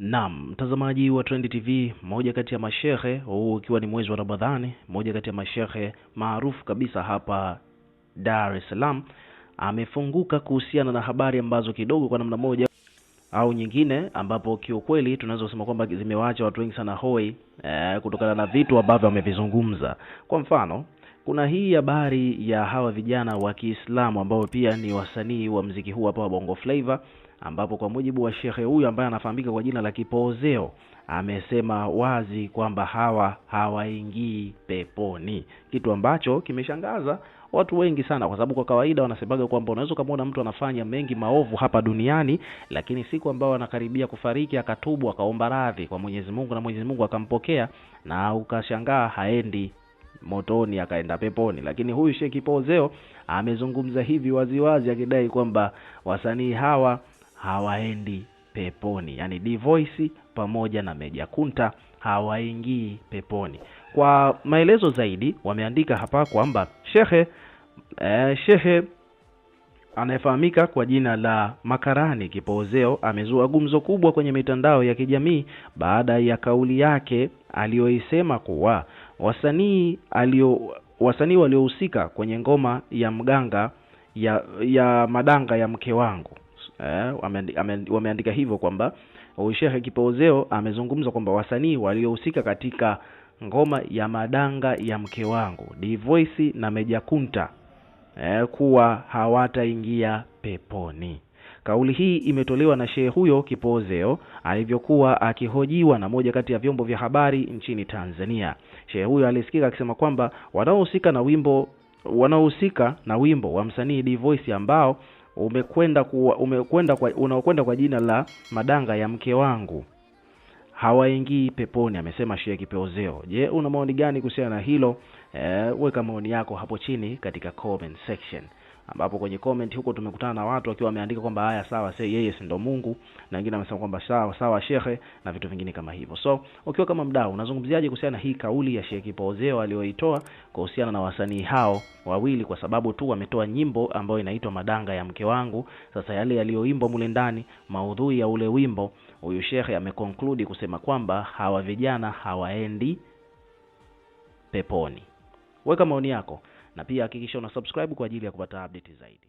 Naam, mtazamaji wa Trend TV, moja kati ya mashehe, huu ukiwa ni mwezi wa Ramadhani, moja kati ya mashehe maarufu kabisa hapa Dar es Salaam amefunguka kuhusiana na habari ambazo kidogo kwa namna moja au nyingine, ambapo kiukweli tunaweza kusema kwamba zimewaacha watu wengi sana hoi, eh, kutokana na vitu ambavyo amevizungumza Kwa mfano kuna hii habari ya, ya hawa vijana wa Kiislamu ambao pia ni wasanii wa mziki huu hapa wa Bongo Flava, ambapo kwa mujibu wa shekhe huyu ambaye anafahamika kwa jina la Kipoozeo amesema wazi kwamba hawa hawaingii peponi, kitu ambacho kimeshangaza watu wengi sana, kwa sababu kwa kawaida wanasemaga kwamba unaweza ukamwona mtu anafanya mengi maovu hapa duniani, lakini siku ambayo anakaribia kufariki akatubu akaomba radhi kwa Mwenyezi Mungu na Mwenyezi Mungu akampokea, na ukashangaa haendi motoni akaenda peponi. Lakini huyu Sheikh Pozeo amezungumza hivi waziwazi, akidai kwamba wasanii hawa hawaendi peponi, yani D Voice pamoja na Meja Kunta hawaingii peponi. Kwa maelezo zaidi wameandika hapa kwamba shehe eh, shehe anayefahamika kwa jina la Makarani Kipozeo amezua gumzo kubwa kwenye mitandao ya kijamii baada ya kauli yake aliyoisema kuwa Wasanii alio wasanii waliohusika kwenye ngoma ya mganga ya, ya madanga ya mke wangu eh, wameandika hivyo kwamba Sheikh kipozeo amezungumza kwamba wasanii waliohusika katika ngoma ya madanga ya mke wangu Dvoice na Meja Kunta eh, kuwa hawataingia peponi. Kauli hii imetolewa na shehe huyo kipozeo alivyokuwa akihojiwa na moja kati ya vyombo vya habari nchini Tanzania. Shehe huyo alisikika akisema kwamba wanaohusika na wimbo wanaohusika na wimbo wa msanii D-Voice ambao umekwenda kuwa, umekwenda kwa, unaokwenda kwa jina la Madanga ya Mke Wangu hawaingii peponi, amesema Shehe Kipozeo. Je, una maoni gani kuhusiana na hilo? E, weka maoni yako hapo chini katika comment section ambapo kwenye comment huko tumekutana na watu wakiwa wameandika kwamba haya sawa, yeye si ndo Mungu, na wengine wamesema kwamba sawa sawa shekhe na vitu vingine kama hivyo. So ukiwa kama mdau, unazungumziaje kuhusiana na hii kauli ya Sheikh Kipozeo aliyoitoa kuhusiana na wasanii hao wawili, kwa sababu tu wametoa nyimbo ambayo inaitwa Madanga ya Mke Wangu. Sasa yale yaliyoimbwa mule ndani, maudhui ya ule wimbo, huyu shekhe ameconclude kusema kwamba hawa vijana hawaendi peponi. Weka maoni yako na pia hakikisha una subscribe kwa ajili ya kupata update zaidi.